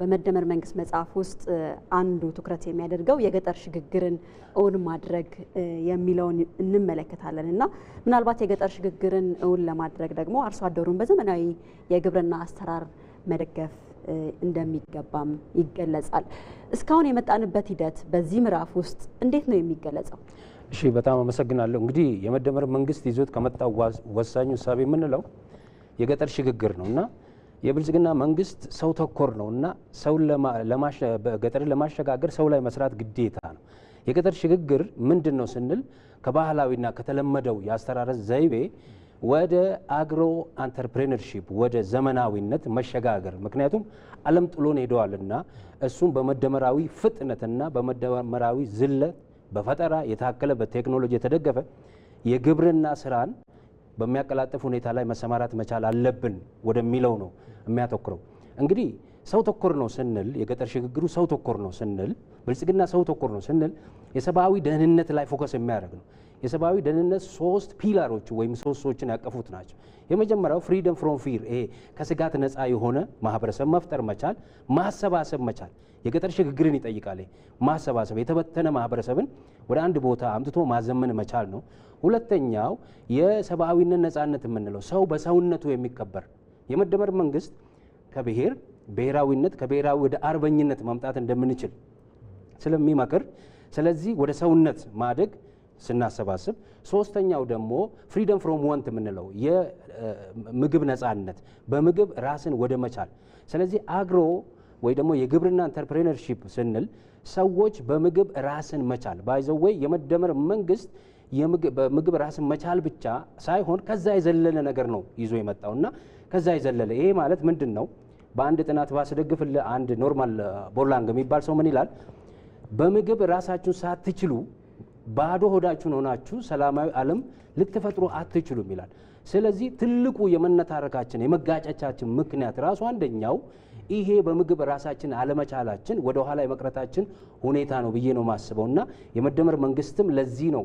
በመደመር መንግስት መጽሐፍ ውስጥ አንዱ ትኩረት የሚያደርገው የገጠር ሽግግርን እውን ማድረግ የሚለውን እንመለከታለን እና ምናልባት የገጠር ሽግግርን እውን ለማድረግ ደግሞ አርሶ አደሩን በዘመናዊ የግብርና አሰራር መደገፍ እንደሚገባም ይገለጻል። እስካሁን የመጣንበት ሂደት በዚህ ምዕራፍ ውስጥ እንዴት ነው የሚገለጸው? እሺ፣ በጣም አመሰግናለሁ። እንግዲህ የመደመር መንግስት ይዞት ከመጣው ወሳኙ እሳቤ የምንለው የገጠር ሽግግር ነው እና የብልጽግና መንግስት ሰው ተኮር ነው እና ገጠርን ለማሸጋገር ሰው ላይ መስራት ግዴታ ነው። የገጠር ሽግግር ምንድን ነው ስንል ከባህላዊና ከተለመደው የአስተራረስ ዘይቤ ወደ አግሮ አንተርፕሬነርሺፕ ወደ ዘመናዊነት መሸጋገር። ምክንያቱም ዓለም ጥሎን ሄደዋልና እሱም በመደመራዊ ፍጥነትና በመደመራዊ ዝለት በፈጠራ የታከለ በቴክኖሎጂ የተደገፈ የግብርና ስራን በሚያቀላጥፍ ሁኔታ ላይ መሰማራት መቻል አለብን ወደሚለው ነው የሚያተኩረው። እንግዲህ ሰው ተኮር ነው ስንል የገጠር ሽግግሩ ሰው ተኮር ነው ስንል ብልጽግና ሰው ተኮር ነው ስንል የሰብአዊ ደህንነት ላይ ፎከስ የሚያደርግ ነው። የሰብአዊ ደህንነት ሶስት ፒላሮች ወይም ሶስቶችን ያቀፉት ናቸው። የመጀመሪያው ፍሪደም ፍሮም ፊር፣ ይሄ ከስጋት ነፃ የሆነ ማህበረሰብ መፍጠር መቻል፣ ማሰባሰብ መቻል የገጠር ሽግግርን ይጠይቃል። ማሰባሰብ የተበተነ ማህበረሰብን ወደ አንድ ቦታ አምጥቶ ማዘመን መቻል ነው። ሁለተኛው የሰብአዊነት ነፃነት የምንለው ሰው በሰውነቱ የሚከበር የመደመር መንግስት ከብሔር ብሔራዊነት ከብሔራዊ ወደ አርበኝነት መምጣት እንደምንችል ስለሚመክር ስለዚህ ወደ ሰውነት ማደግ ስናሰባስብ፣ ሶስተኛው ደግሞ ፍሪደም ፍሮም ወንት የምንለው የምግብ ነፃነት፣ በምግብ ራስን ወደ መቻል። ስለዚህ አግሮ ወይ ደግሞ የግብርና ኢንተርፕሬነርሺፕ ስንል ሰዎች በምግብ ራስን መቻል ባይዘወይ የመደመር መንግስት በምግብ ራስን መቻል ብቻ ሳይሆን ከዛ የዘለለ ነገር ነው ይዞ የመጣው እና ከዛ የዘለለ ይሄ ማለት ምንድን ነው? በአንድ ጥናት ባስደግፍል አንድ ኖርማል ቦርላንግ የሚባል ሰው ምን ይላል? በምግብ ራሳችሁን ሳትችሉ ባዶ ሆዳችሁን ሆናችሁ ሰላማዊ ዓለም ልትፈጥሩ አትችሉም ይላል። ስለዚህ ትልቁ የመነታረካችን የመጋጨቻችን ምክንያት ራሱ አንደኛው ይሄ በምግብ ራሳችን አለመቻላችን ወደ ኋላ የመቅረታችን ሁኔታ ነው ብዬ ነው የማስበው እና የመደመር መንግስትም ለዚህ ነው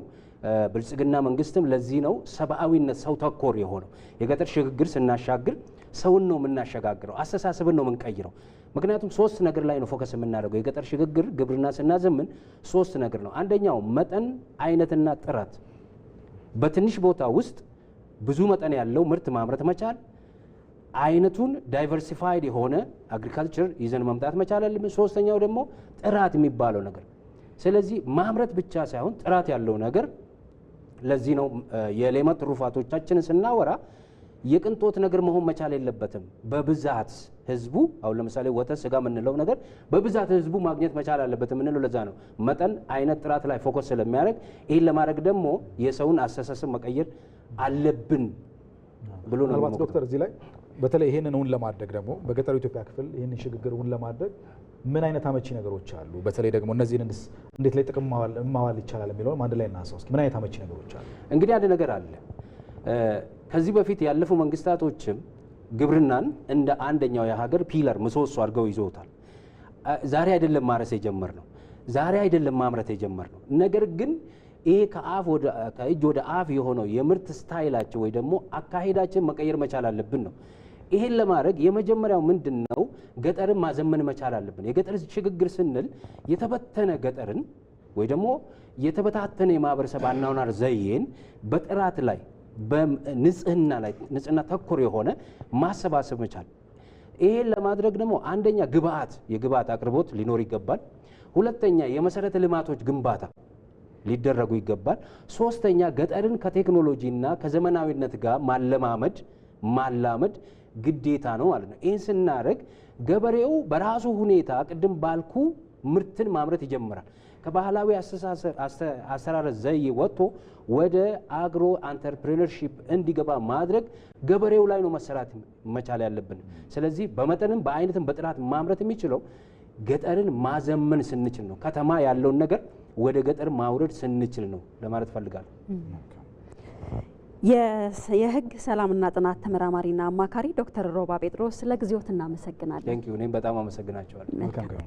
ብልጽግና መንግስትም ለዚህ ነው ሰብአዊነት ሰው ተኮር የሆነው የገጠር ሽግግር ስናሻግር ሰውን ነው የምናሸጋግረው፣ አስተሳሰብን ነው የምንቀይረው። ምክንያቱም ሶስት ነገር ላይ ነው ፎከስ የምናደርገው። የገጠር ሽግግር ግብርና ስናዘምን ሶስት ነገር ነው። አንደኛው መጠን አይነትና ጥራት፣ በትንሽ ቦታ ውስጥ ብዙ መጠን ያለው ምርት ማምረት መቻል፣ አይነቱን ዳይቨርሲፋይድ የሆነ አግሪካልቸር ይዘን መምጣት መቻል አለብን። ሶስተኛው ደግሞ ጥራት የሚባለው ነገር። ስለዚህ ማምረት ብቻ ሳይሆን ጥራት ያለው ነገር ለዚህ ነው የሌማት ትሩፋቶቻችንን ስናወራ የቅንጦት ነገር መሆን መቻል የለበትም። በብዛት ህዝቡ አሁን ለምሳሌ ወተት፣ ስጋ የምንለው ነገር በብዛት ህዝቡ ማግኘት መቻል አለበት የምንለው ለዛ ነው። መጠን፣ አይነት፣ ጥራት ላይ ፎከስ ስለሚያደርግ ይህን ለማድረግ ደግሞ የሰውን አስተሳሰብ መቀየር አለብን ብሎ ነው። ምናልባት ዶክተር እዚህ ላይ በተለይ ይህንን እውን ለማድረግ ደግሞ በገጠሩ ኢትዮጵያ ክፍል ይህንን ሽግግር እውን ለማድረግ ምን አይነት አመቺ ነገሮች አሉ? በተለይ ደግሞ እነዚህን እንዴት ላይ ጥቅም ማዋል ይቻላል የሚለውም አንድ ላይ እናንሳው እስኪ። ምን አይነት አመቺ ነገሮች አሉ? እንግዲህ አንድ ነገር አለ ከዚህ በፊት ያለፉ መንግስታቶችም ግብርናን እንደ አንደኛው የሀገር ፒለር ምሰሶ አድርገው ይዘውታል። ዛሬ አይደለም ማረስ የጀመር ነው፣ ዛሬ አይደለም ማምረት የጀመር ነው። ነገር ግን ይሄ ከእጅ ወደ አፍ የሆነው የምርት ስታይላችን ወይ ደግሞ አካሄዳችን መቀየር መቻል አለብን ነው። ይሄን ለማድረግ የመጀመሪያው ምንድን ነው? ገጠርን ማዘመን መቻል አለብን። የገጠር ሽግግር ስንል የተበተነ ገጠርን ወይ ደግሞ የተበታተነ የማህበረሰብ አኗኗር ዘዬን በጥራት ላይ በንጽህና ላይ ንጽህና ተኮር የሆነ ማሰባሰብ መቻል። ይሄን ለማድረግ ደግሞ አንደኛ ግብአት የግብአት አቅርቦት ሊኖር ይገባል። ሁለተኛ የመሰረተ ልማቶች ግንባታ ሊደረጉ ይገባል። ሶስተኛ ገጠርን ከቴክኖሎጂና ከዘመናዊነት ጋር ማለማመድ ማላመድ ግዴታ ነው ማለት ነው። ይህን ስናደርግ ገበሬው በራሱ ሁኔታ ቅድም ባልኩ ምርትን ማምረት ይጀምራል። ከባህላዊ አሰራረት ዘይ ወጥቶ ወደ አግሮ አንተርፕሪነርሺፕ እንዲገባ ማድረግ ገበሬው ላይ ነው መሰራት መቻል ያለብን። ስለዚህ በመጠንም በአይነትም በጥራት ማምረት የሚችለው ገጠርን ማዘመን ስንችል ነው። ከተማ ያለውን ነገር ወደ ገጠር ማውረድ ስንችል ነው ለማለት ፈልጋለሁ። የህግ ሰላምና ጥናት ተመራማሪና አማካሪ ዶክተር ሮባ ጴጥሮስ ለጊዜዎት እናመሰግናለን። እኔም በጣም አመሰግናቸዋለሁ።